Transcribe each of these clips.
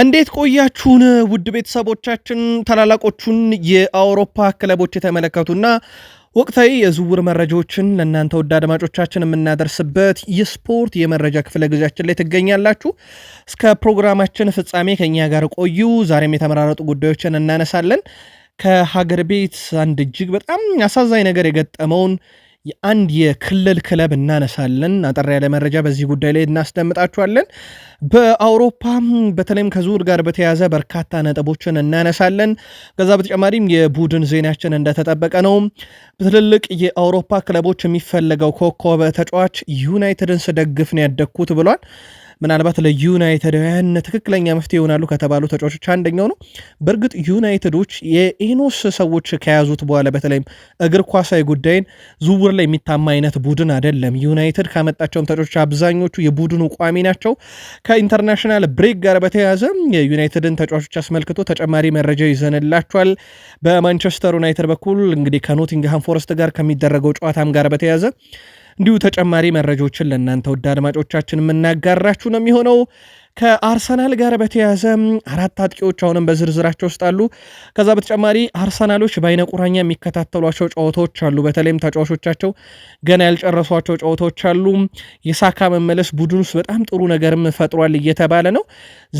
እንዴት ቆያችሁን ውድ ቤተሰቦቻችን። ታላላቆቹን የአውሮፓ ክለቦች የተመለከቱና ወቅታዊ የዝውውር መረጃዎችን ለእናንተ ውድ አድማጮቻችን የምናደርስበት የስፖርት የመረጃ ክፍለ ጊዜያችን ላይ ትገኛላችሁ። እስከ ፕሮግራማችን ፍጻሜ ከእኛ ጋር ቆዩ። ዛሬም የተመራረጡ ጉዳዮችን እናነሳለን። ከሀገር ቤት አንድ እጅግ በጣም አሳዛኝ ነገር የገጠመውን የአንድ የክልል ክለብ እናነሳለን። አጠር ያለ መረጃ በዚህ ጉዳይ ላይ እናስደምጣችኋለን። በአውሮፓ በተለይም ከዙር ጋር በተያያዘ በርካታ ነጥቦችን እናነሳለን። ከዛ በተጨማሪም የቡድን ዜናችን እንደተጠበቀ ነው። በትልልቅ የአውሮፓ ክለቦች የሚፈለገው ኮከብ ተጫዋች ዩናይትድን ስደግፍ ነው ያደግኩት ብሏል። ምናልባት ለዩናይትድውያን ትክክለኛ መፍትሄ ይሆናሉ ከተባሉ ተጫዋቾች አንደኛው ነው። በእርግጥ ዩናይትዶች የኢኖስ ሰዎች ከያዙት በኋላ በተለይም እግር ኳሳዊ ጉዳይን ዝውውር ላይ የሚታማ አይነት ቡድን አይደለም። ዩናይትድ ካመጣቸውም ተጫዋቾች አብዛኞቹ የቡድኑ ቋሚ ናቸው። ከኢንተርናሽናል ብሬክ ጋር በተያያዘ የዩናይትድን ተጫዋቾች አስመልክቶ ተጨማሪ መረጃ ይዘንላቸዋል። በማንቸስተር ዩናይትድ በኩል እንግዲህ ከኖቲንግሃም ፎረስት ጋር ከሚደረገው ጨዋታም ጋር በተያያዘ እንዲሁ ተጨማሪ መረጃዎችን ለእናንተ ውድ አድማጮቻችን የምናጋራችሁ ነው የሚሆነው። ከአርሰናል ጋር በተያያዘ አራት አጥቂዎች አሁንም በዝርዝራቸው ውስጥ አሉ። ከዛ በተጨማሪ አርሰናሎች በአይነ ቁራኛ የሚከታተሏቸው ጨዋታዎች አሉ። በተለይም ተጫዋቾቻቸው ገና ያልጨረሷቸው ጨዋታዎች አሉ። የሳካ መመለስ ቡድን ውስጥ በጣም ጥሩ ነገርም ፈጥሯል እየተባለ ነው።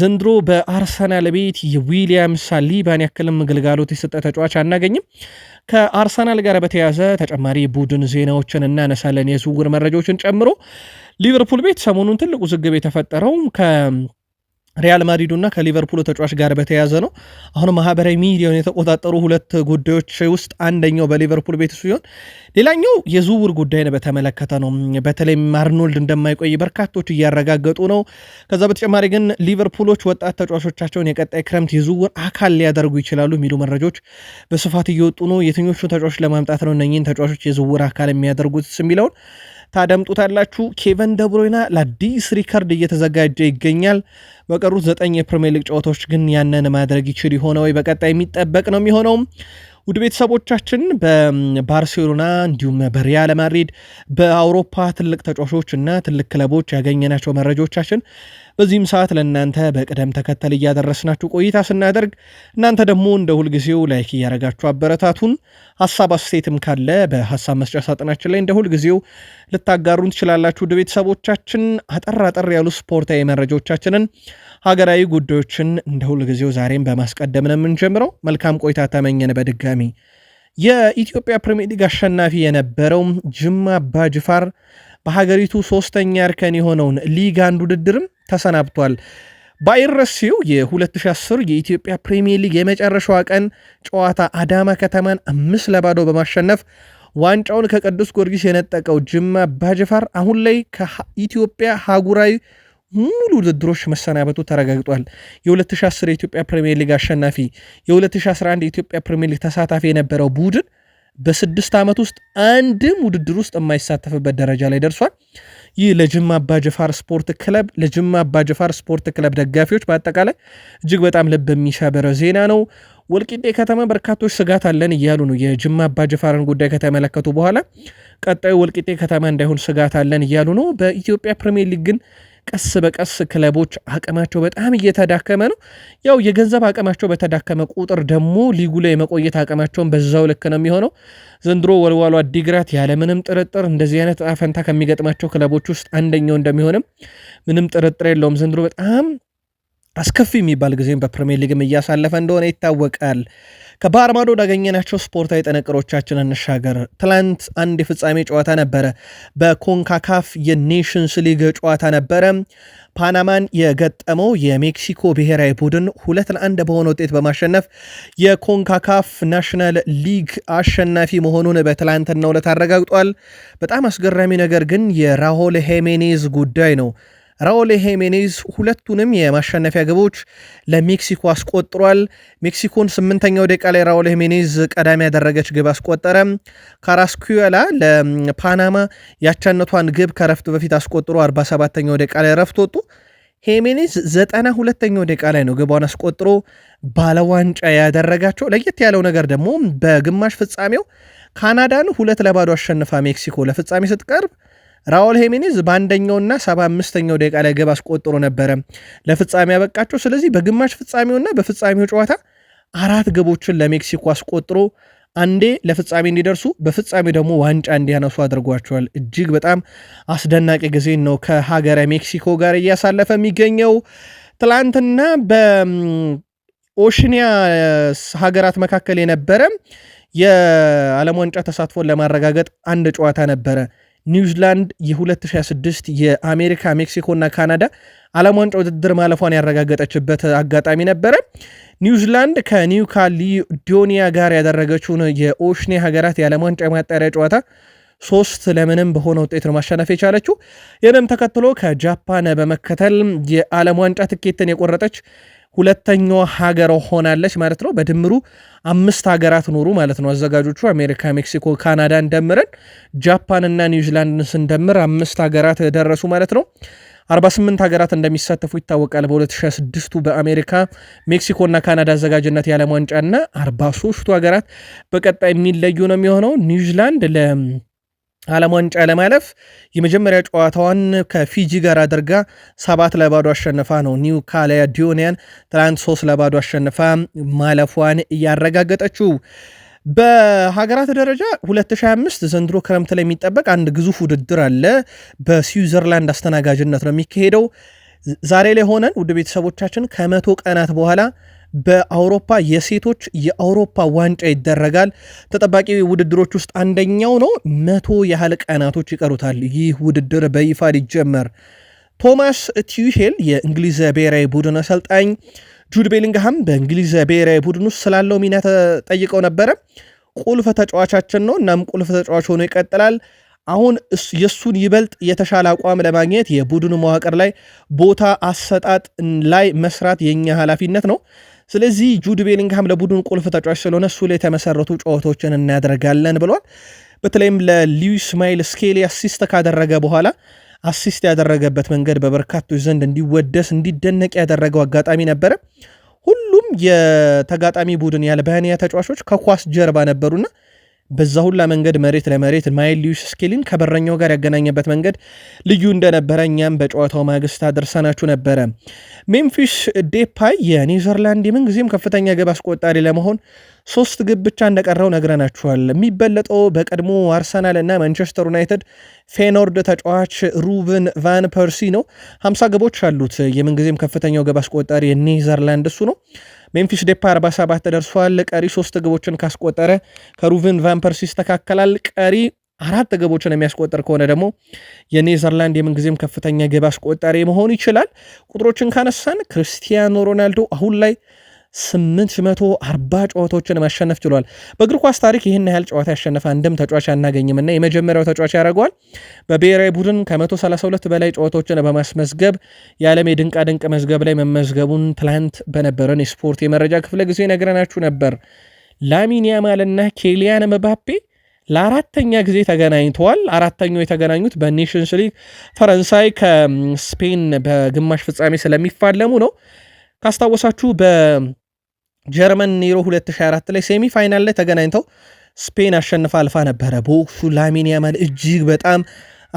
ዘንድሮ በአርሰናል ቤት የዊሊያም ሳሊባን ያክልም ግልጋሎት የሰጠ ተጫዋች አናገኝም። ከአርሰናል ጋር በተያያዘ ተጨማሪ ቡድን ዜናዎችን እናነሳለን የዝውውር መረጃዎችን ጨምሮ ሊቨርፑል ቤት ሰሞኑን ትልቅ ውዝግብ የተፈጠረው ከ ሪያል ማድሪዱና ከሊቨርፑል ተጫዋች ጋር በተያያዘ ነው። አሁን ማህበራዊ ሚዲያውን የተቆጣጠሩ ሁለት ጉዳዮች ውስጥ አንደኛው በሊቨርፑል ቤት ሲሆን ሌላኛው የዝውውር ጉዳይን በተመለከተ ነው። በተለይ አርኖልድ እንደማይቆይ በርካቶች እያረጋገጡ ነው። ከዛ በተጨማሪ ግን ሊቨርፑሎች ወጣት ተጫዋቾቻቸውን የቀጣይ ክረምት የዝውውር አካል ሊያደርጉ ይችላሉ የሚሉ መረጃዎች በስፋት እየወጡ ነው። የትኞቹ ተጫዋቾች ለማምጣት ነው እነኚህን ተጫዋቾች የዝውውር አካል የሚያደርጉት የሚለውን ታደምጡታላችሁ። ኬቨን ደብሮይና ለአዲስ ሪከርድ እየተዘጋጀ ይገኛል። በቀሩት ዘጠኝ የፕሪሚየር ሊግ ጨዋታዎች ግን ያንን ማድረግ ይችል ይሆነ ወይ? በቀጣይ የሚጠበቅ ነው የሚሆነውም ውድ ቤተሰቦቻችን በባርሴሎና እንዲሁም በሪያል ማድሪድ በአውሮፓ ትልቅ ተጫዋቾች እና ትልቅ ክለቦች ያገኘናቸው መረጃዎቻችን በዚህም ሰዓት ለእናንተ በቅደም ተከተል እያደረስናችሁ ቆይታ ስናደርግ እናንተ ደግሞ እንደ ሁልጊዜው ላይክ እያደረጋችሁ አበረታቱን። ሀሳብ አስተያየትም ካለ በሀሳብ መስጫ ሳጥናችን ላይ እንደ ሁልጊዜው ልታጋሩን ትችላላችሁ። ውድ ቤተሰቦቻችን አጠር አጠር ያሉ ስፖርታዊ መረጃዎቻችንን ሀገራዊ ጉዳዮችን እንደ ሁልጊዜው ዛሬም በማስቀደም ነው የምንጀምረው። መልካም ቆይታ ተመኘን። በድጋሚ የኢትዮጵያ ፕሪሚየር ሊግ አሸናፊ የነበረው ጅማ ባጅፋር በሀገሪቱ ሶስተኛ እርከን የሆነውን ሊግ አንድ ውድድርም ተሰናብቷል። ባይረሴው የ2010 የኢትዮጵያ ፕሪሚየር ሊግ የመጨረሻዋ ቀን ጨዋታ አዳማ ከተማን አምስት ለባዶ በማሸነፍ ዋንጫውን ከቅዱስ ጊዮርጊስ የነጠቀው ጅማ አባጅፋር አሁን ላይ ከኢትዮጵያ ሀጉራዊ ሙሉ ውድድሮች መሰናበቱ ተረጋግጧል። የ2010 የኢትዮጵያ ፕሪምየር ሊግ አሸናፊ፣ የ2011 የኢትዮጵያ ፕሪምየር ሊግ ተሳታፊ የነበረው ቡድን በስድስት ዓመት ውስጥ አንድም ውድድር ውስጥ የማይሳተፍበት ደረጃ ላይ ደርሷል። ይህ ለጅማ አባጀፋር ስፖርት ክለብ ለጅማ አባጀፋር ስፖርት ክለብ ደጋፊዎች በአጠቃላይ እጅግ በጣም ልብ የሚሰብር ዜና ነው። ወልቂጤ ከተማ በርካቶች ስጋት አለን እያሉ ነው። የጅማ አባጀፋርን ጉዳይ ከተመለከቱ በኋላ ቀጣዩ ወልቂጤ ከተማ እንዳይሆን ስጋት አለን እያሉ ነው። በኢትዮጵያ ፕሪሚየር ሊግ ግን ቀስ በቀስ ክለቦች አቅማቸው በጣም እየተዳከመ ነው። ያው የገንዘብ አቅማቸው በተዳከመ ቁጥር ደግሞ ሊጉ ላይ የመቆየት አቅማቸውን በዛው ልክ ነው የሚሆነው። ዘንድሮ ወልዋሉ አዲግራት ያለምንም ጥርጥር እንደዚህ አይነት አፈንታ ፈንታ ከሚገጥማቸው ክለቦች ውስጥ አንደኛው እንደሚሆንም ምንም ጥርጥር የለውም። ዘንድሮ በጣም አስከፊ የሚባል ጊዜም በፕሪሚየር ሊግም እያሳለፈ እንደሆነ ይታወቃል። ከባህር ማዶ ወዳገኘናቸው ስፖርታዊ ጥንቅሮቻችን እንሻገር። ትላንት አንድ የፍጻሜ ጨዋታ ነበረ። በኮንካካፍ የኔሽንስ ሊግ ጨዋታ ነበረ። ፓናማን የገጠመው የሜክሲኮ ብሔራዊ ቡድን ሁለት ለአንድ በሆነ ውጤት በማሸነፍ የኮንካካፍ ናሽናል ሊግ አሸናፊ መሆኑን በትላንትናው ዕለት አረጋግጧል። በጣም አስገራሚ ነገር ግን የራሆል ሄሜኔዝ ጉዳይ ነው። ራውል ሄሜኔዝ ሁለቱንም የማሸነፊያ ግቦች ለሜክሲኮ አስቆጥሯል። ሜክሲኮን ስምንተኛው ደቂቃ ላይ ራውል ሄሜኔዝ ቀዳሚ ያደረገች ግብ አስቆጠረ። ካራስኩዌላ ለፓናማ ያቻነቷን ግብ ከረፍት በፊት አስቆጥሮ 47ኛው ደቂቃ ላይ ረፍት ወጡ። ሄሜኔዝ ዘጠና ሁለተኛው ደቂቃ ላይ ነው ግቧን አስቆጥሮ ባለዋንጫ ያደረጋቸው። ለየት ያለው ነገር ደግሞ በግማሽ ፍጻሜው ካናዳን ሁለት ለባዶ አሸንፋ ሜክሲኮ ለፍጻሜ ስትቀርብ ራውል ሄሜኔዝ በአንደኛውና ሰባ አምስተኛው ደቂቃ ላይ ግብ አስቆጥሮ ነበረ ለፍጻሜ ያበቃቸው። ስለዚህ በግማሽ ፍጻሜውና በፍጻሜው ጨዋታ አራት ግቦችን ለሜክሲኮ አስቆጥሮ አንዴ ለፍጻሜ እንዲደርሱ በፍጻሜ ደግሞ ዋንጫ እንዲያነሱ አድርጓቸዋል። እጅግ በጣም አስደናቂ ጊዜ ነው ከሀገረ ሜክሲኮ ጋር እያሳለፈ የሚገኘው። ትላንትና በኦሽኒያ ሀገራት መካከል የነበረ የዓለም ዋንጫ ተሳትፎን ለማረጋገጥ አንድ ጨዋታ ነበረ። ኒውዚላንድ የ2026 የአሜሪካ ሜክሲኮና ካናዳ ዓለም ዋንጫ ውድድር ማለፏን ያረጋገጠችበት አጋጣሚ ነበረ። ኒውዚላንድ ከኒው ጋር ያደረገችውን የኦሽኔ ሀገራት የዓለም ዋንጫ የማጣሪያ ጨዋታ ሶስት ለምንም በሆነ ውጤት ነው ማሸነፍ የቻለችው። ይህንም ተከትሎ ከጃፓን በመከተል የዓለም ዋንጫ ትኬትን የቆረጠች ሁለተኛዋ ሀገር ሆናለች ማለት ነው። በድምሩ አምስት ሀገራት ኖሩ ማለት ነው። አዘጋጆቹ አሜሪካ፣ ሜክሲኮ፣ ካናዳን ደምረን ጃፓንና ኒውዚላንድን ስንደምር አምስት ሀገራት ደረሱ ማለት ነው። 48 ሀገራት እንደሚሳተፉ ይታወቃል። በ2006ቱ በአሜሪካ ሜክሲኮና ካናዳ አዘጋጅነት የዓለም ዋንጫና 43ቱ ሀገራት በቀጣይ የሚለዩ ነው የሚሆነው ኒውዚላንድ ለ ዓለም ዋንጫ ለማለፍ የመጀመሪያ ጨዋታዋን ከፊጂ ጋር አድርጋ ሰባት ለባዶ አሸንፋ ነው ኒው ዲዮኒያን ትላንት ሶስት ለባዶ አሸንፋ ማለፏን እያረጋገጠችው። በሀገራት ደረጃ 2025 ዘንድሮ ክረምት ላይ የሚጠበቅ አንድ ግዙፍ ውድድር አለ። በስዊዘርላንድ አስተናጋጅነት ነው የሚካሄደው። ዛሬ ላይ ሆነን ውድ ቤተሰቦቻችን ከመቶ ቀናት በኋላ በአውሮፓ የሴቶች የአውሮፓ ዋንጫ ይደረጋል። ተጠባቂ ውድድሮች ውስጥ አንደኛው ነው። መቶ ያህል ቀናቶች ይቀሩታል ይህ ውድድር በይፋ ሊጀመር። ቶማስ ቲዩሄል የእንግሊዝ ብሔራዊ ቡድን አሰልጣኝ ጁድ ቤሊንግሃም በእንግሊዝ ብሔራዊ ቡድን ውስጥ ስላለው ሚና ተጠይቀው ነበረ። ቁልፍ ተጫዋቻችን ነው፣ እናም ቁልፍ ተጫዋች ሆኖ ይቀጥላል። አሁን የእሱን ይበልጥ የተሻለ አቋም ለማግኘት የቡድኑ መዋቅር ላይ ቦታ አሰጣጥ ላይ መስራት የኛ ኃላፊነት ነው ስለዚህ ጁድ ቤሊንግሃም ለቡድን ቁልፍ ተጫዋች ስለሆነ እሱ ላይ የተመሰረቱ ጨዋታዎችን እናደርጋለን ብሏል። በተለይም ለሉዊስ ማይል ስኬሊ አሲስት ካደረገ በኋላ አሲስት ያደረገበት መንገድ በበርካቶች ዘንድ እንዲወደስ እንዲደነቅ ያደረገው አጋጣሚ ነበረ። ሁሉም የተጋጣሚ ቡድን የአልባንያ ተጫዋቾች ከኳስ ጀርባ ነበሩና በዛ ሁላ መንገድ መሬት ለመሬት ማይል ሊዩስ ስኬሊን ከበረኛው ጋር ያገናኘበት መንገድ ልዩ እንደነበረ እኛም በጨዋታው ማግስት አድርሰናችሁ ነበረ። ሜምፊስ ዴፓይ የኔዘርላንድ የምንጊዜም ከፍተኛ ግብ አስቆጣሪ ለመሆን ሶስት ግብ ብቻ እንደቀረው ነግረናችኋል። የሚበለጠው በቀድሞ አርሰናል እና ማንቸስተር ዩናይትድ ፌኖርድ ተጫዋች ሩቨን ቫን ፐርሲ ነው። 50 ግቦች አሉት። የምንጊዜም ከፍተኛው ግብ አስቆጣሪ የኔዘርላንድ እሱ ነው። ሜምፊስ ዴፓ 47 ደርሷል። ቀሪ ሶስት ግቦችን ካስቆጠረ ከሩቨን ቫምፐርስ ይስተካከላል። ቀሪ አራት ግቦችን የሚያስቆጠር ከሆነ ደግሞ የኔዘርላንድ የምንጊዜም ከፍተኛ ግብ አስቆጣሪ መሆን ይችላል። ቁጥሮችን ካነሳን ክርስቲያኖ ሮናልዶ አሁን ላይ 840 ጨዋታዎችን ማሸነፍ ችሏል። በእግር ኳስ ታሪክ ይህን ያህል ጨዋታ ያሸነፈ አንድም ተጫዋች አናገኝም እና የመጀመሪያው ተጫዋች ያደርገዋል። በብሔራዊ ቡድን ከ132 በላይ ጨዋታዎችን በማስመዝገብ የዓለም የድንቃድንቅ መዝገብ ላይ መመዝገቡን ትላንት በነበረን የስፖርት የመረጃ ክፍለ ጊዜ ነግረናችሁ ነበር። ላሚን ያማልና ኬሊያን መባፔ ለአራተኛ ጊዜ ተገናኝተዋል። አራተኛው የተገናኙት በኔሽንስ ሊግ ፈረንሳይ ከስፔን በግማሽ ፍጻሜ ስለሚፋለሙ ነው። ካስታወሳችሁ በ ጀርመን ኒሮ 2024 ላይ ሴሚ ፋይናል ላይ ተገናኝተው ስፔን አሸንፋ አልፋ ነበረ። በወቅቱ ላሚን ያማል እጅግ በጣም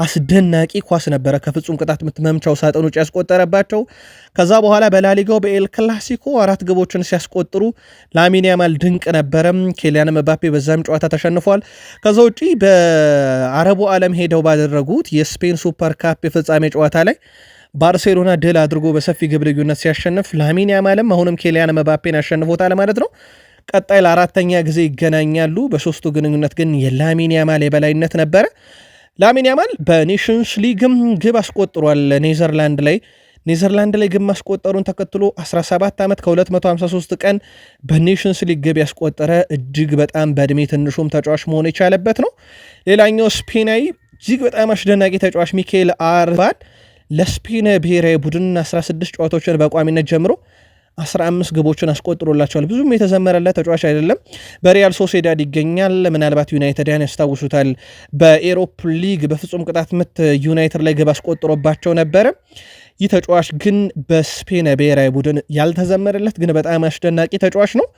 አስደናቂ ኳስ ነበረ ከፍጹም ቅጣት ምት መምቻው ሳጥን ውጭ ያስቆጠረባቸው። ከዛ በኋላ በላሊጋው በኤል ክላሲኮ አራት ግቦችን ሲያስቆጥሩ ላሚን ያማል ድንቅ ነበረ። ኬሊያን መባፔ በዛም ጨዋታ ተሸንፏል። ከዛ ውጪ በአረቡ ዓለም ሄደው ባደረጉት የስፔን ሱፐር ካፕ የፍጻሜ ጨዋታ ላይ ባርሴሎና ድል አድርጎ በሰፊ ግብ ልዩነት ሲያሸንፍ ላሚን ያማልም አሁንም ኬሊያን መባፔን አሸንፎታል ማለት ነው። ቀጣይ ለአራተኛ ጊዜ ይገናኛሉ። በሶስቱ ግንኙነት ግን የላሚን ያማል የበላይነት ነበረ። ላሚን ያማል በኔሽንስ ሊግም ግብ አስቆጥሯል። ኔዘርላንድ ላይ ኔዘርላንድ ላይ ግብ ማስቆጠሩን ተከትሎ 17 ዓመት ከ253 ቀን በኔሽንስ ሊግ ግብ ያስቆጠረ እጅግ በጣም በእድሜ ትንሹም ተጫዋች መሆን የቻለበት ነው። ሌላኛው ስፔናዊ እጅግ በጣም አስደናቂ ተጫዋች ሚካኤል አርባል ለስፔን ብሔራዊ ቡድን 16 ጨዋታዎችን በቋሚነት ጀምሮ 15 ግቦችን አስቆጥሮላቸዋል። ብዙም የተዘመረለት ተጫዋች አይደለም። በሪያል ሶሴዳድ ይገኛል። ምናልባት ዩናይትድያን ያስታውሱታል። በኤሮፕ ሊግ በፍጹም ቅጣት ምት ዩናይትድ ላይ ግብ አስቆጥሮባቸው ነበረ። ይህ ተጫዋች ግን በስፔን ብሔራዊ ቡድን ያልተዘመረለት ግን በጣም አስደናቂ ተጫዋች ነው።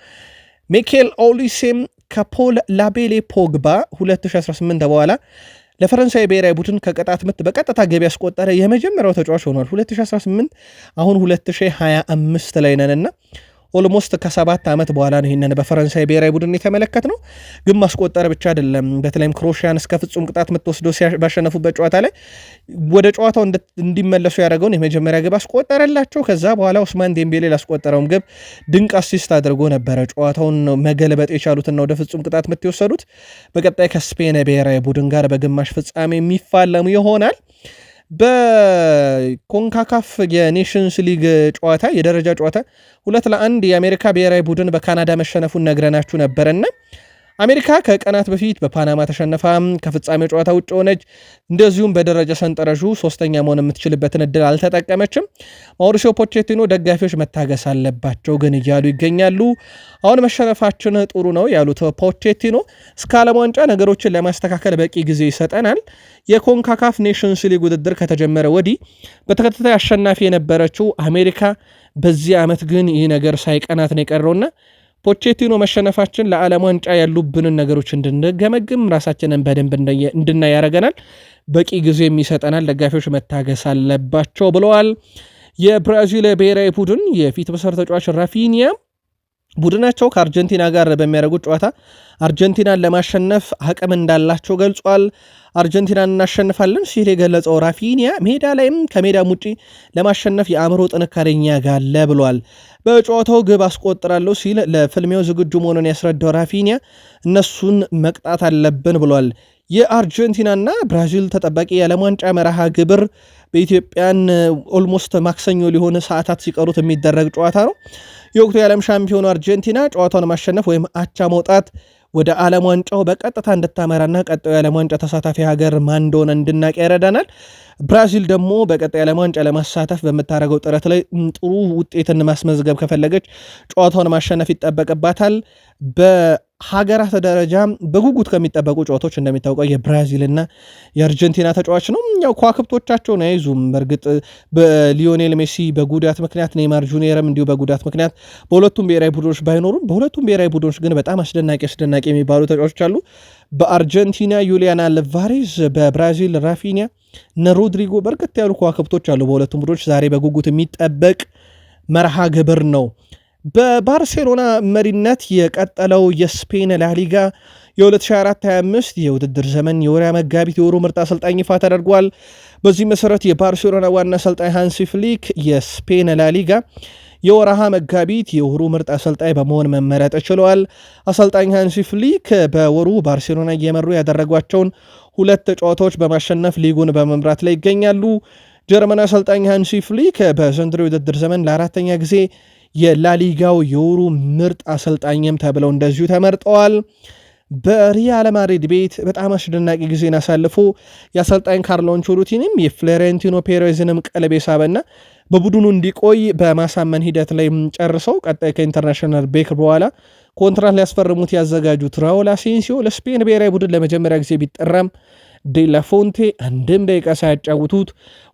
ሚኬል ኦሊሴም ከፖል ላቤሌ ፖግባ 2018 በኋላ ለፈረንሳይ ብሔራዊ ቡድን ከቅጣት ምት በቀጥታ ገቢ ያስቆጠረ የመጀመሪያው ተጫዋች ሆኗል። 2018 አሁን 2025 ላይ ነንና ኦልሞስት ከሰባት ዓመት በኋላ ነው ይህንን በፈረንሳይ ብሔራዊ ቡድን የተመለከት ነው። ግን ማስቆጠር ብቻ አይደለም። በተለይም ክሮሽያን እስከ ፍጹም ቅጣት ምትወስዶ ባሸነፉበት ጨዋታ ላይ ወደ ጨዋታው እንዲመለሱ ያደረገውን የመጀመሪያ ግብ አስቆጠረላቸው። ከዛ በኋላ ኡስማን ዴምቤሌ ላስቆጠረውም ግብ ድንቅ አሲስት አድርጎ ነበረ። ጨዋታውን መገልበጥ የቻሉትና ወደ ፍጹም ቅጣት ምት የወሰዱት በቀጣይ ከስፔን ብሔራዊ ቡድን ጋር በግማሽ ፍጻሜ የሚፋለሙ ይሆናል። በኮንካካፍ የኔሽንስ ሊግ ጨዋታ የደረጃ ጨዋታ ሁለት ለአንድ የአሜሪካ ብሔራዊ ቡድን በካናዳ መሸነፉን ነግረናችሁ ነበረና አሜሪካ ከቀናት በፊት በፓናማ ተሸንፋ ከፍጻሜ ጨዋታ ውጭ ሆነች። እንደዚሁም በደረጃ ሰንጠረዡ ሶስተኛ መሆን የምትችልበትን እድል አልተጠቀመችም። ማውሪሲዮ ፖቼቲኖ ደጋፊዎች መታገስ አለባቸው ግን እያሉ ይገኛሉ። አሁን መሸነፋችን ጥሩ ነው ያሉት ፖቼቲኖ እስከ ዓለም ዋንጫ ነገሮችን ለማስተካከል በቂ ጊዜ ይሰጠናል። የኮንካካፍ ኔሽንስ ሊግ ውድድር ከተጀመረ ወዲህ በተከታታይ አሸናፊ የነበረችው አሜሪካ በዚህ ዓመት ግን ይህ ነገር ሳይቀናት ነው የቀረውና ፖቼቲኖ መሸነፋችን ለዓለም ዋንጫ ያሉብንን ነገሮች እንድንገመግም ራሳችንን በደንብ እንድናይ ያደርገናል። በቂ ጊዜ ይሰጠናል። ደጋፊዎች መታገስ አለባቸው ብለዋል። የብራዚል ብሔራዊ ቡድን የፊት መስመር ተጫዋች ራፊኒያ ቡድናቸው ከአርጀንቲና ጋር በሚያደርጉት ጨዋታ አርጀንቲናን ለማሸነፍ አቅም እንዳላቸው ገልጿል። አርጀንቲናን እናሸንፋለን ሲል የገለጸው ራፊኒያ ሜዳ ላይም ከሜዳም ውጪ ለማሸነፍ የአእምሮ ጥንካሬኛ ጋለ ብሏል። በጨዋታው ግብ አስቆጥራለሁ ሲል ለፍልሚያው ዝግጁ መሆኑን ያስረዳው ራፊኒያ እነሱን መቅጣት አለብን ብሏል። የአርጀንቲናና ብራዚል ተጠባቂ የዓለም ዋንጫ መርሃ ግብር በኢትዮጵያን ኦልሞስት ማክሰኞ ሊሆን ሰዓታት ሲቀሩት የሚደረግ ጨዋታ ነው። የወቅቱ የዓለም ሻምፒዮኑ አርጀንቲና ጨዋታውን ማሸነፍ ወይም አቻ መውጣት ወደ ዓለም ዋንጫው በቀጥታ እንድታመራና ቀጣዩ የዓለም ዋንጫ ተሳታፊ ሀገር ማን እንደሆነ እንድናቅ ያረዳናል። ብራዚል ደግሞ በቀጣዩ የዓለም ዋንጫ ለማሳተፍ በምታደርገው ጥረት ላይ ጥሩ ውጤትን ማስመዝገብ ከፈለገች ጨዋታውን ማሸነፍ ይጠበቅባታል። በ ሀገራት ደረጃ በጉጉት ከሚጠበቁ ጨዋታዎች እንደሚታወቀው የብራዚልና የአርጀንቲና ተጫዋች ነው። ያው ከዋክብቶቻቸውን አይዙም። በእርግጥ በሊዮኔል ሜሲ በጉዳት ምክንያት፣ ኔይማር ጁኒየርም እንዲሁ በጉዳት ምክንያት በሁለቱም ብሔራዊ ቡድኖች ባይኖሩም በሁለቱም ብሔራዊ ቡድኖች ግን በጣም አስደናቂ አስደናቂ የሚባሉ ተጫዋቾች አሉ። በአርጀንቲና ዩሊያና አልቫሬዝ፣ በብራዚል ራፊኒያ እነ ሮድሪጎ በርከት ያሉ ከዋክብቶች አሉ በሁለቱም ቡድኖች ዛሬ በጉጉት የሚጠበቅ መርሃ ግብር ነው። በባርሴሎና መሪነት የቀጠለው የስፔን ላሊጋ የ2024/25 የውድድር ዘመን የወሪያ መጋቢት የወሩ ምርጥ አሰልጣኝ ይፋ ተደርጓል። በዚህ መሰረት የባርሴሎና ዋና አሰልጣኝ ሃንሲ ፍሊክ የስፔን ላሊጋ የወረሃ መጋቢት የወሩ ምርጥ አሰልጣኝ በመሆን መመረጥ ችለዋል። አሰልጣኝ ሃንሲ ፍሊክ በወሩ ባርሴሎና እየመሩ ያደረጓቸውን ሁለት ጨዋታዎች በማሸነፍ ሊጉን በመምራት ላይ ይገኛሉ። ጀርመን አሰልጣኝ ሃንሲ ፍሊክ በዘንድሮ የውድድር ዘመን ለአራተኛ ጊዜ የላሊጋው የወሩ ምርጥ አሰልጣኝም ተብለው እንደዚሁ ተመርጠዋል። በሪያል ማድሪድ ቤት በጣም አስደናቂ ጊዜን አሳልፎ የአሰልጣኝ ካርሎ አንቸሎቲንም የፍሎሬንቲኖ ፔሬዝንም ቀልብ የሳበና በቡድኑ እንዲቆይ በማሳመን ሂደት ላይ ጨርሰው ቀጣይ ከኢንተርናሽናል ቤክ በኋላ ኮንትራት ሊያስፈርሙት ያዘጋጁት ራውል አሴንሲዮ ለስፔን ብሔራዊ ቡድን ለመጀመሪያ ጊዜ ቢጠራም ዴላፎንቴ አንድም ደቂቃ ሳያጫውቱት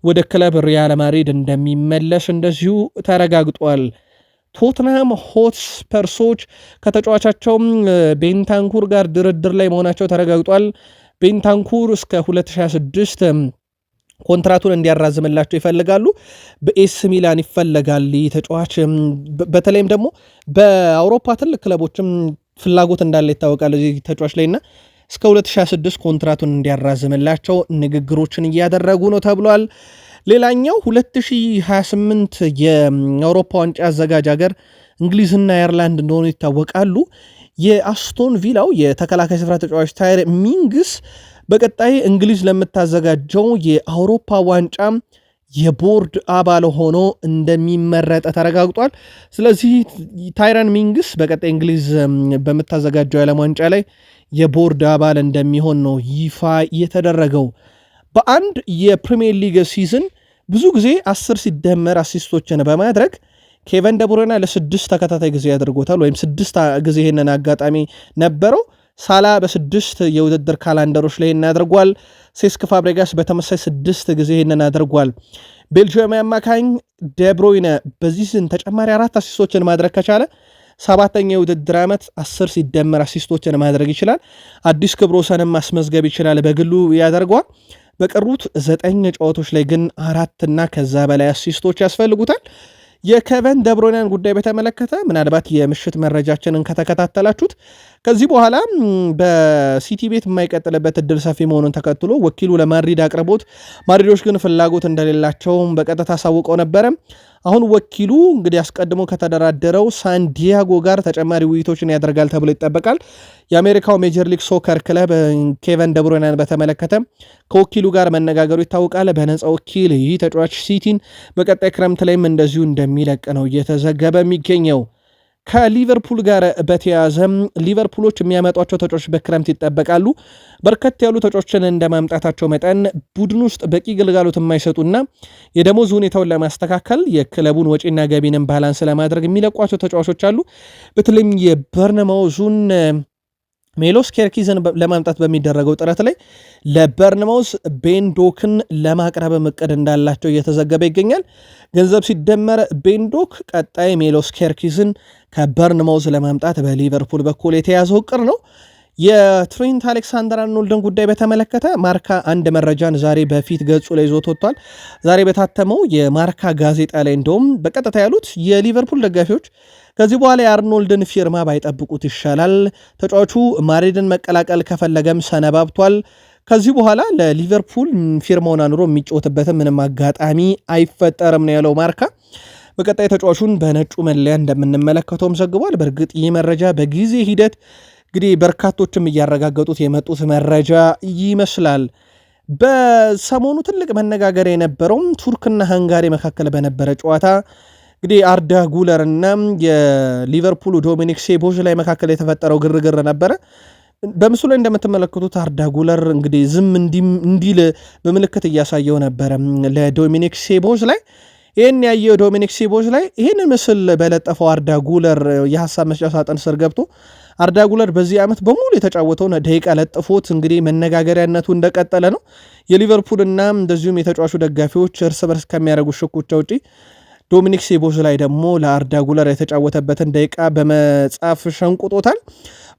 ወደ ክለብ ሪያል ማድሪድ እንደሚመለስ እንደዚሁ ተረጋግጧል። ቶትናም ሆትስፐርሶች ከተጫዋቻቸው ቤንታንኩር ጋር ድርድር ላይ መሆናቸው ተረጋግጧል። ቤንታንኩር እስከ 2026 ኮንትራቱን እንዲያራዝምላቸው ይፈልጋሉ። በኤስ ሚላን ይፈለጋል ተጫዋች። በተለይም ደግሞ በአውሮፓ ትልቅ ክለቦችም ፍላጎት እንዳለ ይታወቃል እዚህ ተጫዋች ላይና እስከ 2026 ኮንትራቱን እንዲያራዝምላቸው ንግግሮችን እያደረጉ ነው ተብሏል። ሌላኛው 2028 የአውሮፓ ዋንጫ አዘጋጅ ሀገር እንግሊዝና አየርላንድ እንደሆኑ ይታወቃሉ። የአስቶን ቪላው የተከላካይ ስፍራ ተጫዋች ታይር ሚንግስ በቀጣይ እንግሊዝ ለምታዘጋጀው የአውሮፓ ዋንጫ የቦርድ አባል ሆኖ እንደሚመረጠ ተረጋግጧል። ስለዚህ ታይረን ሚንግስ በቀጣይ እንግሊዝ በምታዘጋጀው የዓለም ዋንጫ ላይ የቦርድ አባል እንደሚሆን ነው ይፋ የተደረገው። በአንድ የፕሪሚየር ሊግ ሲዝን ብዙ ጊዜ አስር ሲደመር አሲስቶችን በማድረግ ኬቨን ደቡሬና ለስድስት ተከታታይ ጊዜ አድርጎታል ወይም ስድስት ጊዜ ይህንን አጋጣሚ ነበረው። ሳላ በስድስት የውድድር ካላንደሮች ላይ ይህን አድርጓል። ሴስክ ፋብሬጋስ በተመሳይ ስድስት ጊዜ ይህንን አድርጓል። ቤልጅየማዊ አማካኝ ደብሮይነ በዚህ ሲዝን ተጨማሪ አራት አሲስቶችን ማድረግ ከቻለ ሰባተኛ የውድድር ዓመት አስር ሲደመር አሲስቶችን ማድረግ ይችላል። አዲስ ክብረ ወሰንም ማስመዝገብ ይችላል። በግሉ ያደርገዋል። በቀሩት ዘጠኝ ጨዋታዎች ላይ ግን አራትና ከዛ በላይ አሲስቶች ያስፈልጉታል። የኬቨን ደብሮይናን ጉዳይ በተመለከተ ምናልባት የምሽት መረጃችንን ከተከታተላችሁት ከዚህ በኋላ በሲቲ ቤት የማይቀጥልበት እድል ሰፊ መሆኑን ተከትሎ ወኪሉ ለማድሪድ አቅርቦት ማድሪዶች ግን ፍላጎት እንደሌላቸውም በቀጥታ አሳውቀው ነበረ። አሁን ወኪሉ እንግዲህ አስቀድሞ ከተደራደረው ሳንዲያጎ ጋር ተጨማሪ ውይይቶችን ያደርጋል ተብሎ ይጠበቃል። የአሜሪካው ሜጀር ሊግ ሶከር ክለብ ኬቨን ደብሮናን በተመለከተ ከወኪሉ ጋር መነጋገሩ ይታወቃል። በነፃ ወኪል ይህ ተጫዋች ሲቲን በቀጣይ ክረምት ላይም እንደዚሁ እንደሚለቅ ነው እየተዘገበ የሚገኘው። ከሊቨርፑል ጋር በተያያዘ ሊቨርፑሎች የሚያመጧቸው ተጫዋቾች በክረምት ይጠበቃሉ። በርከት ያሉ ተጫዋቾችን እንደ ማምጣታቸው መጠን ቡድን ውስጥ በቂ ግልጋሎት የማይሰጡና የደሞዝ ሁኔታውን ለማስተካከል የክለቡን ወጪና ገቢንም ባላንስ ለማድረግ የሚለቋቸው ተጫዋቾች አሉ። በተለይም የበርነማውዙን ሜሎስ ኬርኪዝን ለማምጣት በሚደረገው ጥረት ላይ ለበርንማውስ ቤንዶክን ለማቅረብ እቅድ እንዳላቸው እየተዘገበ ይገኛል። ገንዘብ ሲደመር ቤንዶክ ቀጣይ ሜሎስ ኬርኪዝን ከበርንማውስ ለማምጣት በሊቨርፑል በኩል የተያዘው እቅድ ነው። የትሬንት አሌክሳንደር አርኖልድን ጉዳይ በተመለከተ ማርካ አንድ መረጃን ዛሬ በፊት ገጹ ላይ ይዞት ወጥቷል። ዛሬ በታተመው የማርካ ጋዜጣ ላይ እንደውም በቀጥታ ያሉት የሊቨርፑል ደጋፊዎች ከዚህ በኋላ የአርኖልድን ፊርማ ባይጠብቁት ይሻላል፣ ተጫዋቹ ማድሪድን መቀላቀል ከፈለገም ሰነባብቷል፣ ከዚህ በኋላ ለሊቨርፑል ፊርማውን አኑሮ የሚጫወትበትም ምንም አጋጣሚ አይፈጠርም ነው ያለው ማርካ። በቀጣይ ተጫዋቹን በነጩ መለያ እንደምንመለከተውም ዘግቧል። በእርግጥ ይህ መረጃ በጊዜ ሂደት እንግዲህ በርካቶችም እያረጋገጡት የመጡት መረጃ ይመስላል። በሰሞኑ ትልቅ መነጋገር የነበረውም ቱርክና ሃንጋሪ መካከል በነበረ ጨዋታ እንግዲህ አርዳ ጉለር እና የሊቨርፑሉ ዶሚኒክ ሴቦዥ ላይ መካከል የተፈጠረው ግርግር ነበረ። በምስሉ ላይ እንደምትመለከቱት አርዳ ጉለር እንግዲህ ዝም እንዲል በምልክት እያሳየው ነበረ ለዶሚኒክ ሴቦዥ ላይ። ይህን ያየው ዶሚኒክ ሴቦዥ ላይ ይህን ምስል በለጠፈው አርዳ ጉለር የሀሳብ መስጫ ሳጥን ስር ገብቶ አርዳ ጉለር በዚህ ዓመት በሙሉ የተጫወተውን ደቂቃ ለጥፎት እንግዲህ መነጋገሪያነቱ እንደቀጠለ ነው። የሊቨርፑልና እንደዚሁም የተጫዋቹ ደጋፊዎች እርስ በርስ ከሚያደርጉ ሽኩቻ ውጪ ዶሚኒክ ሴቦዝ ላይ ደግሞ ለአርዳ ጉለር የተጫወተበትን ደቂቃ በመጻፍ ሸንቁጦታል።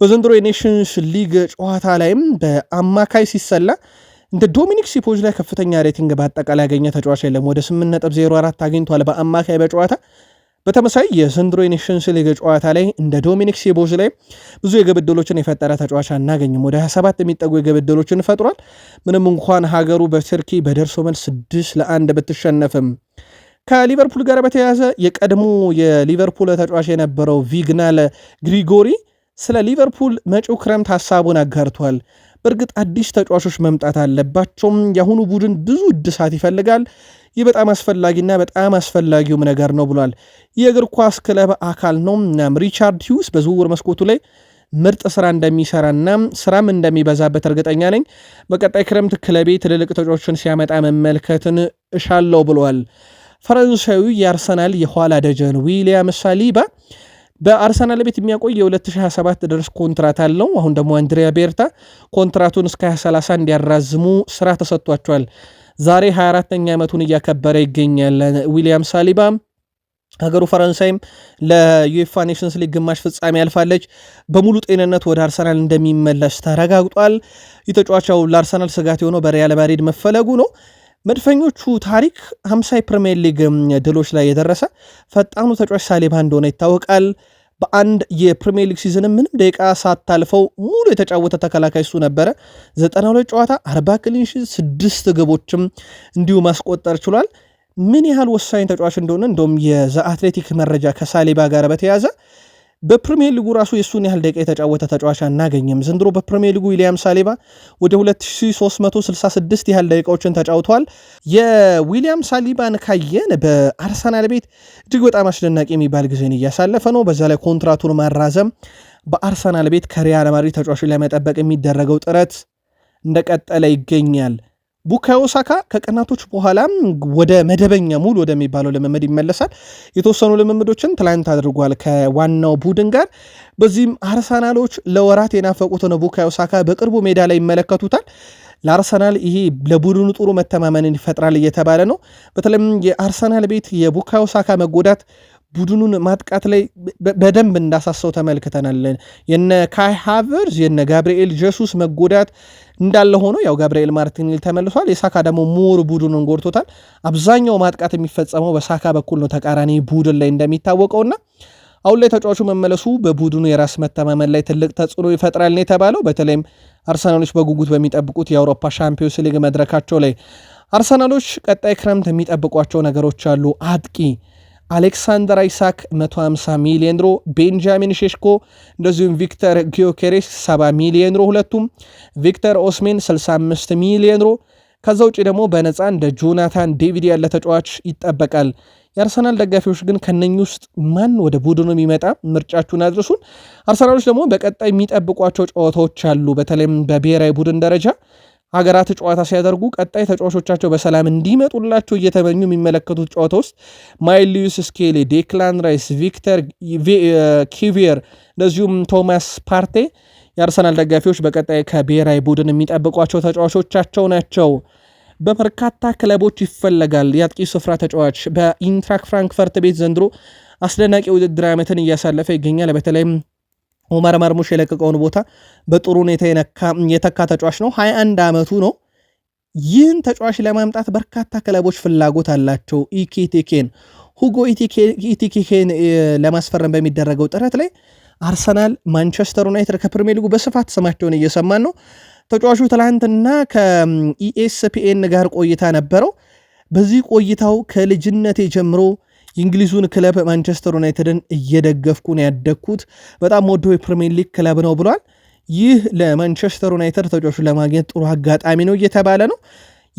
በዘንድሮ የኔሽንስ ሊግ ጨዋታ ላይም በአማካይ ሲሰላ እንደ ዶሚኒክ ሲፖጅ ላይ ከፍተኛ ሬቲንግ በአጠቃላይ ያገኘ ተጫዋች የለም። ወደ 8.04 አግኝቷል በአማካይ በጨዋታ በተመሳይ የዘንድሮ የኔሽንስ ሊግ ጨዋታ ላይ እንደ ዶሚኒክ ሴቦዝ ላይ ብዙ የግብ ዕድሎችን የፈጠረ ተጫዋች አናገኝም። ወደ 27 የሚጠጉ የግብ ዕድሎችን ፈጥሯል። ምንም እንኳን ሀገሩ በትርኪ በደርሶ መልስ 6 ለአንድ ብትሸነፍም ከሊቨርፑል ጋር በተያያዘ የቀድሞ የሊቨርፑል ተጫዋች የነበረው ቪግናል ግሪጎሪ ስለ ሊቨርፑል መጪው ክረምት ሀሳቡን አጋርቷል። በእርግጥ አዲስ ተጫዋቾች መምጣት አለባቸውም። የአሁኑ ቡድን ብዙ እድሳት ይፈልጋል። ይህ በጣም አስፈላጊና በጣም አስፈላጊውም ነገር ነው ብሏል። የእግር ኳስ ክለብ አካል ነው። እናም ሪቻርድ ሂውስ በዝውውር መስኮቱ ላይ ምርጥ ስራ እንደሚሰራና ስራም እንደሚበዛበት እርግጠኛ ነኝ። በቀጣይ ክረምት ክለቤ ትልልቅ ተጫዋቾችን ሲያመጣ መመልከትን እሻለው ብለዋል። ፈረንሳዊ የአርሰናል የኋላ ደጀን ዊሊያም ሳሊባ በአርሰናል ቤት የሚያቆይ የ2027 ድረስ ኮንትራት አለው። አሁን ደግሞ አንድሪያ ቤርታ ኮንትራቱን እስከ 2030 እንዲያራዝሙ ስራ ተሰጥቷቸዋል። ዛሬ 24ኛ ዓመቱን እያከበረ ይገኛል። ዊሊያም ሳሊባ ሀገሩ ፈረንሳይም ለዩኤፋ ኔሽንስ ሊግ ግማሽ ፍጻሜ ያልፋለች። በሙሉ ጤንነት ወደ አርሰናል እንደሚመለስ ተረጋግጧል። የተጫዋቻው ለአርሰናል ስጋት የሆነው በሪያል ማድሪድ መፈለጉ ነው። መድፈኞቹ ታሪክ 50 ፕሪምየር ሊግ ድሎች ላይ የደረሰ ፈጣኑ ተጫዋች ሳሊባ እንደሆነ ይታወቃል። በአንድ የፕሪሚየር ሊግ ሲዝን ምንም ደቂቃ ሳታልፈው ሙሉ የተጫወተ ተከላካይ እሱ ነበረ። 92 ጨዋታ 40 ክሊንሽ ስድስት ግቦችም እንዲሁ ማስቆጠር ችሏል። ምን ያህል ወሳኝ ተጫዋች እንደሆነ እንደውም የዘ አትሌቲክ መረጃ ከሳሊባ ጋር በተያያዘ በፕሪሚየር ሊጉ ራሱ የእሱን ያህል ደቂቃ የተጫወተ ተጫዋች አናገኝም። ዘንድሮ በፕሪሚየር ሊጉ ዊሊያም ሳሊባ ወደ 2366 ያህል ደቂቃዎችን ተጫውተዋል። የዊሊያም ሳሊባን ካየን በአርሰናል ቤት እጅግ በጣም አስደናቂ የሚባል ጊዜን እያሳለፈ ነው። በዛ ላይ ኮንትራቱን ማራዘም በአርሰናል ቤት ከሪያል ማድሪድ ተጫዋች ለመጠበቅ የሚደረገው ጥረት እንደቀጠለ ይገኛል። ቡካዮ ሳካ ከቀናቶች በኋላም ወደ መደበኛ ሙሉ ወደሚባለው ልምምድ ይመለሳል። የተወሰኑ ልምምዶችን ትላንት አድርጓል ከዋናው ቡድን ጋር። በዚህም አርሰናሎች ለወራት ነው ቡካዮ ሳካ በቅርቡ ሜዳ ላይ ይመለከቱታል። ለአርሰናል ይሄ ለቡድኑ ጥሩ መተማመንን ይፈጥራል እየተባለ ነው። በተለይም የአርሰናል ቤት የቡካዮ ሳካ መጎዳት ቡድኑን ማጥቃት ላይ በደንብ እንዳሳሰው ተመልክተናል። የነ ካይ ሃቨርዝ የነ ጋብርኤል ጀሱስ መጎዳት እንዳለ ሆኖ ያው ጋብርኤል ማርቲኔሊ ተመልሷል። የሳካ ደግሞ ሞር ቡድኑን ጎድቶታል። አብዛኛው ማጥቃት የሚፈጸመው በሳካ በኩል ነው ተቃራኒ ቡድን ላይ እንደሚታወቀውና አሁን ላይ ተጫዋቹ መመለሱ በቡድኑ የራስ መተማመን ላይ ትልቅ ተጽዕኖ ይፈጥራል ነው የተባለው። በተለይም አርሰናሎች በጉጉት በሚጠብቁት የአውሮፓ ሻምፒዮንስ ሊግ መድረካቸው ላይ አርሰናሎች ቀጣይ ክረምት የሚጠብቋቸው ነገሮች አሉ አጥቂ አሌክሳንደር አይሳክ 150 ሚሊዮን ሮ፣ ቤንጃሚን ሼሽኮ እንደዚሁም ቪክተር ጊዮኬሬስ 70 ሚሊዮን ሮ ሁለቱም፣ ቪክተር ኦስሜን 65 ሚሊዮን ሮ። ከዛ ውጭ ደግሞ በነፃ እንደ ጆናታን ዴቪድ ያለ ተጫዋች ይጠበቃል። የአርሰናል ደጋፊዎች ግን ከነኝ ውስጥ ማን ወደ ቡድኑ የሚመጣ ምርጫችሁን አድርሱን። አርሰናሎች ደግሞ በቀጣይ የሚጠብቋቸው ጨዋታዎች አሉ። በተለይም በብሔራዊ ቡድን ደረጃ ሀገራት ጨዋታ ሲያደርጉ ቀጣይ ተጫዋቾቻቸው በሰላም እንዲመጡላቸው እየተመኙ የሚመለከቱት ጨዋታ ውስጥ ማይል ሉዊስ ስኬሊ፣ ዴክላን ራይስ፣ ቪክተር ኪቪየር እንደዚሁም ቶማስ ፓርቴ የአርሰናል ደጋፊዎች በቀጣይ ከብሔራዊ ቡድን የሚጠብቋቸው ተጫዋቾቻቸው ናቸው። በበርካታ ክለቦች ይፈለጋል። የአጥቂ ስፍራ ተጫዋች በኢንትራክ ፍራንክፈርት ቤት ዘንድሮ አስደናቂ ውድድር ዓመትን እያሳለፈ ይገኛል። በተለይም ኦማር መርሙሽ የለቀቀውን ቦታ በጥሩ ሁኔታ የተካ ተጫዋች ነው። 21 ዓመቱ ነው። ይህን ተጫዋች ለማምጣት በርካታ ክለቦች ፍላጎት አላቸው። ኢኬቴኬን ሁጎ ኢቲኬን ለማስፈረም በሚደረገው ጥረት ላይ አርሰናል፣ ማንቸስተር ዩናይትድ ከፕሪሚየር ሊጉ በስፋት ስማቸውን እየሰማን ነው። ተጫዋቹ ትላንትና ከኢኤስፒኤን ጋር ቆይታ ነበረው። በዚህ ቆይታው ከልጅነቴ ጀምሮ የእንግሊዙን ክለብ ማንቸስተር ዩናይትድን እየደገፍኩ ነው ያደግኩት፣ በጣም ወዶ የፕሪሚየር ሊግ ክለብ ነው ብሏል። ይህ ለማንቸስተር ዩናይትድ ተጫዋቹ ለማግኘት ጥሩ አጋጣሚ ነው እየተባለ ነው።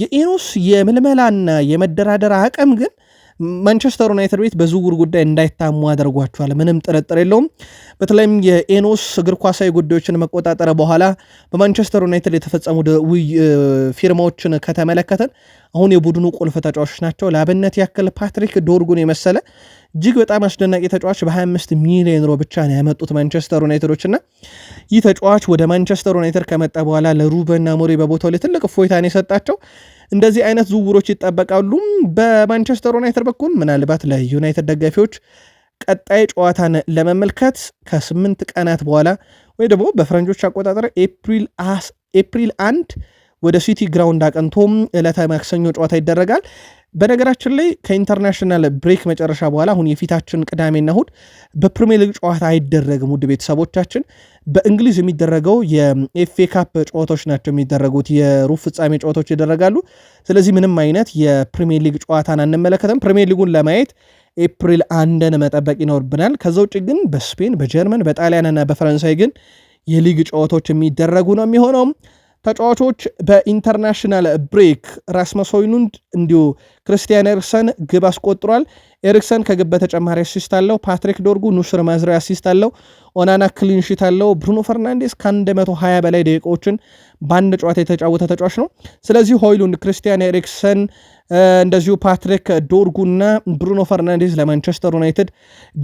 የኢኖስ የምልመላና የመደራደር አቅም ግን ማንቸስተር ዩናይትድ ቤት በዝውውር ጉዳይ እንዳይታሙ አድርጓቸዋል። ምንም ጥርጥር የለውም። በተለይም የኤኖስ እግር ኳሳዊ ጉዳዮችን መቆጣጠር በኋላ በማንቸስተር ዩናይትድ የተፈጸሙ ፊርማዎችን ከተመለከተን አሁን የቡድኑ ቁልፍ ተጫዋቾች ናቸው። ለአብነት ያክል ፓትሪክ ዶርጉን የመሰለ እጅግ በጣም አስደናቂ ተጫዋች በ25 ሚሊዮን ሮ ብቻ ነው ያመጡት ማንቸስተር ዩናይትዶች እና ይህ ተጫዋች ወደ ማንቸስተር ዩናይትድ ከመጣ በኋላ ለሩበን አሞሪም በቦታው ላይ ትልቅ እፎይታን የሰጣቸው እንደዚህ አይነት ዝውውሮች ይጠበቃሉ። በማንቸስተር ዩናይትድ በኩል ምናልባት ለዩናይትድ ደጋፊዎች ቀጣይ ጨዋታን ለመመልከት ከስምንት ቀናት በኋላ ወይ ደግሞ በፈረንጆች አቆጣጠር ኤፕሪል አንድ ወደ ሲቲ ግራውንድ አቀንቶም ዕለተ ማክሰኞ ጨዋታ ይደረጋል። በነገራችን ላይ ከኢንተርናሽናል ብሬክ መጨረሻ በኋላ አሁን የፊታችን ቅዳሜና እሁድ በፕሪሚየር ሊግ ጨዋታ አይደረግም። ውድ ቤተሰቦቻችን በእንግሊዝ የሚደረገው የኤፍኤ ካፕ ጨዋታዎች ናቸው የሚደረጉት፣ የሩብ ፍጻሜ ጨዋታዎች ይደረጋሉ። ስለዚህ ምንም አይነት የፕሪሚየር ሊግ ጨዋታን አንመለከተም። ፕሪሚየር ሊጉን ለማየት ኤፕሪል አንድን መጠበቅ ይኖርብናል። ከዛ ውጭ ግን በስፔን፣ በጀርመን፣ በጣሊያንና በፈረንሳይ ግን የሊግ ጨዋታዎች የሚደረጉ ነው የሚሆነው። ተጫዋቾች በኢንተርናሽናል ብሬክ ራስመስ ሆይሉንድ እንዲሁ ክርስቲያን ኤሪክሰን ግብ አስቆጥሯል። ኤሪክሰን ከግብ በተጨማሪ አሲስት አለው። ፓትሪክ ዶርጉ፣ ኑስር ማዝሪ አሲስት አለው። ኦናና ክሊንሺት አለው። ብሩኖ ፈርናንዴስ ከ120 በላይ ደቂቃዎችን በአንድ ጨዋታ የተጫወተ ተጫዋች ነው። ስለዚህ ሆይሉንድ፣ ክርስቲያን ኤሪክሰን እንደዚሁ ፓትሪክ ዶርጉ እና ብሩኖ ፈርናንዴዝ ለማንቸስተር ዩናይትድ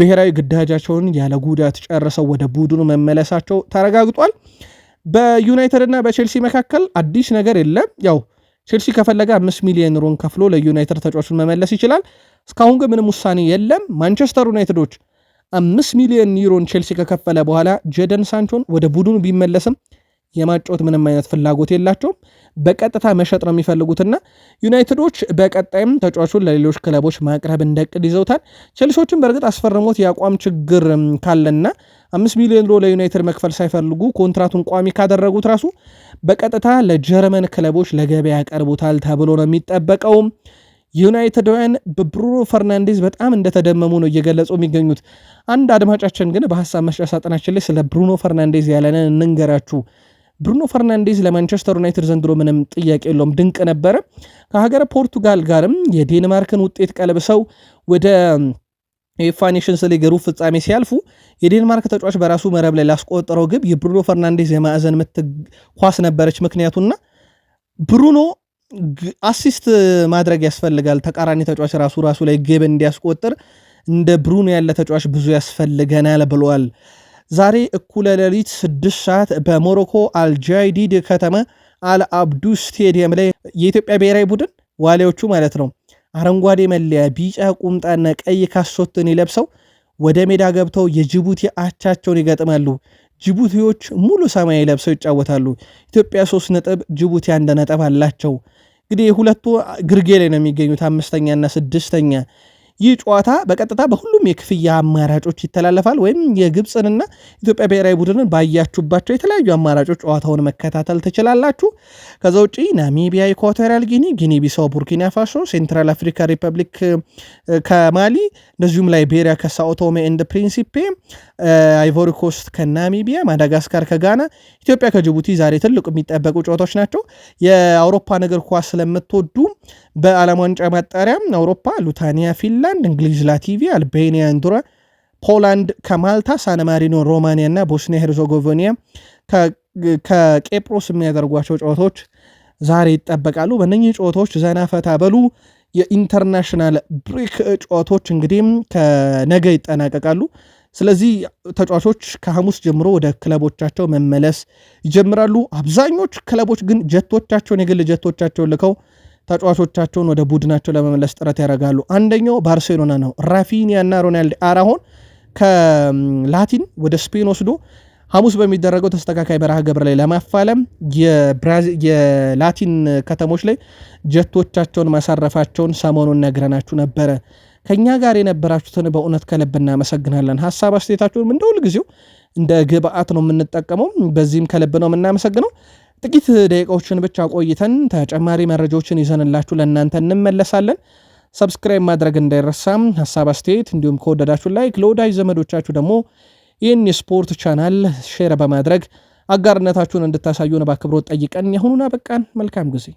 ብሔራዊ ግዳጃቸውን ያለ ጉዳት ጨርሰው ወደ ቡድኑ መመለሳቸው ተረጋግጧል። በዩናይትድ እና በቼልሲ መካከል አዲስ ነገር የለም። ያው ቼልሲ ከፈለገ አምስት ሚሊዮን ሮን ከፍሎ ለዩናይትድ ተጫዋቹን መመለስ ይችላል። እስካሁን ግን ምንም ውሳኔ የለም። ማንቸስተር ዩናይትዶች አምስት ሚሊዮን ዩሮን ቼልሲ ከከፈለ በኋላ ጀደን ሳንቾን ወደ ቡድኑ ቢመለስም የማጫወት ምንም አይነት ፍላጎት የላቸውም። በቀጥታ መሸጥ ነው የሚፈልጉትና ዩናይትዶች በቀጣይም ተጫዋቹን ለሌሎች ክለቦች ማቅረብ እንደቅድ ይዘውታል። ቸልሲዎችን በእርግጥ አስፈርሞት የአቋም ችግር ካለና አምስት ሚሊዮን ዩሮ ለዩናይትድ መክፈል ሳይፈልጉ ኮንትራቱን ቋሚ ካደረጉት ራሱ በቀጥታ ለጀርመን ክለቦች ለገበያ ያቀርቡታል ተብሎ ነው የሚጠበቀው ዩናይትድን በብሩኖ ፈርናንዴዝ በጣም እንደተደመሙ ነው እየገለጹ የሚገኙት። አንድ አድማጫችን ግን በሀሳብ መስጫ ሳጥናችን ላይ ስለ ብሩኖ ፈርናንዴዝ ያለንን እንንገራችሁ። ብሩኖ ፈርናንዴዝ ለማንቸስተር ዩናይትድ ዘንድሮ ምንም ጥያቄ የለውም፣ ድንቅ ነበረ። ከሀገር ፖርቱጋል ጋርም የዴንማርክን ውጤት ቀልብሰው ወደ የዩኤፋ ኔሽንስ ሊግ ሩብ ፍጻሜ ሲያልፉ የዴንማርክ ተጫዋች በራሱ መረብ ላይ ላስቆጠረው ግብ የብሩኖ ፈርናንዴዝ የማዕዘን ምት ኳስ ነበረች። ምክንያቱና ብሩኖ አሲስት ማድረግ ያስፈልጋል። ተቃራኒ ተጫዋች ራሱ ራሱ ላይ ግብ እንዲያስቆጥር እንደ ብሩኖ ያለ ተጫዋች ብዙ ያስፈልገናል ብለዋል። ዛሬ እኩለ ሌሊት ስድስት ሰዓት በሞሮኮ አልጃይዲድ ከተማ አልአብዱ ስቴዲየም ላይ የኢትዮጵያ ብሔራዊ ቡድን ዋሊያዎቹ ማለት ነው አረንጓዴ መለያ፣ ቢጫ ቁምጣና ቀይ ካሶትን ለብሰው ወደ ሜዳ ገብተው የጅቡቲ አቻቸውን ይገጥማሉ። ጅቡቲዎች ሙሉ ሰማያዊ ለብሰው ይጫወታሉ። ኢትዮጵያ ሶስት ነጥብ፣ ጅቡቲ አንድ ነጥብ አላቸው። እንግዲህ ሁለቱ ግርጌ ላይ ነው የሚገኙት፣ አምስተኛና ስድስተኛ ይህ ጨዋታ በቀጥታ በሁሉም የክፍያ አማራጮች ይተላለፋል ወይም የግብፅንና ኢትዮጵያ ብሔራዊ ቡድንን ባያችሁባቸው የተለያዩ አማራጮች ጨዋታውን መከታተል ትችላላችሁ። ከዛ ውጪ ናሚቢያ፣ ኢኳቶሪያል ጊኒ፣ ጊኒ ቢሳው፣ ቡርኪና ፋሶ፣ ሴንትራል አፍሪካ ሪፐብሊክ ከማሊ እንደዚሁም ላይቤሪያ ከሳኦቶሜ ኤንድ ፕሪንሲፔ፣ አይቮሪኮስት ከናሚቢያ፣ ማዳጋስካር ከጋና፣ ኢትዮጵያ ከጅቡቲ ዛሬ ትልቁ የሚጠበቁ ጨዋታዎች ናቸው። የአውሮፓ እግር ኳስ ስለምትወዱ በዓለም ዋንጫ ማጣሪያም አውሮፓ ሉታኒያ ፊንላንድ፣ እንግሊዝ ላቲቪያ፣ አልቤኒያ አንዱራ፣ ፖላንድ ከማልታ፣ ሳነማሪኖ ሮማኒያ እና ቦስኒያ ሄርዞጎቪኒያ ከቄጵሮስ የሚያደርጓቸው ጨዋታዎች ዛሬ ይጠበቃሉ። በእነኚህ ጨዋታዎች ዘና ፈታ በሉ። የኢንተርናሽናል ብሬክ ጨዋታዎች እንግዲህም ከነገ ይጠናቀቃሉ። ስለዚህ ተጫዋቾች ከሐሙስ ጀምሮ ወደ ክለቦቻቸው መመለስ ይጀምራሉ። አብዛኞች ክለቦች ግን ጀቶቻቸውን የግል ጀቶቻቸውን ልከው ተጫዋቾቻቸውን ወደ ቡድናቸው ለመመለስ ጥረት ያደርጋሉ። አንደኛው ባርሴሎና ነው። ራፊኒያና ሮናልድ አራሆን ከላቲን ወደ ስፔን ወስዶ ሐሙስ በሚደረገው ተስተካካይ በረሃ ግብር ላይ ለማፋለም የላቲን ከተሞች ላይ ጀቶቻቸውን ማሳረፋቸውን ሰሞኑን ነግረናችሁ ነበረ። ከእኛ ጋር የነበራችሁትን በእውነት ከልብ እናመሰግናለን። ሀሳብ አስተያየታችሁንም እንደ ሁልጊዜው እንደ ግብአት ነው የምንጠቀመው። በዚህም ከልብ ነው የምናመሰግነው። ጥቂት ደቂቃዎችን ብቻ ቆይተን ተጨማሪ መረጃዎችን ይዘንላችሁ ለእናንተ እንመለሳለን። ሰብስክራይብ ማድረግ እንዳይረሳም፣ ሀሳብ አስተያየት፣ እንዲሁም ከወደዳችሁ ላይክ፣ ለወዳጅ ዘመዶቻችሁ ደግሞ ይህን የስፖርት ቻናል ሼር በማድረግ አጋርነታችሁን እንድታሳዩን በአክብሮት ጠይቀን የአሁኑን አበቃን። መልካም ጊዜ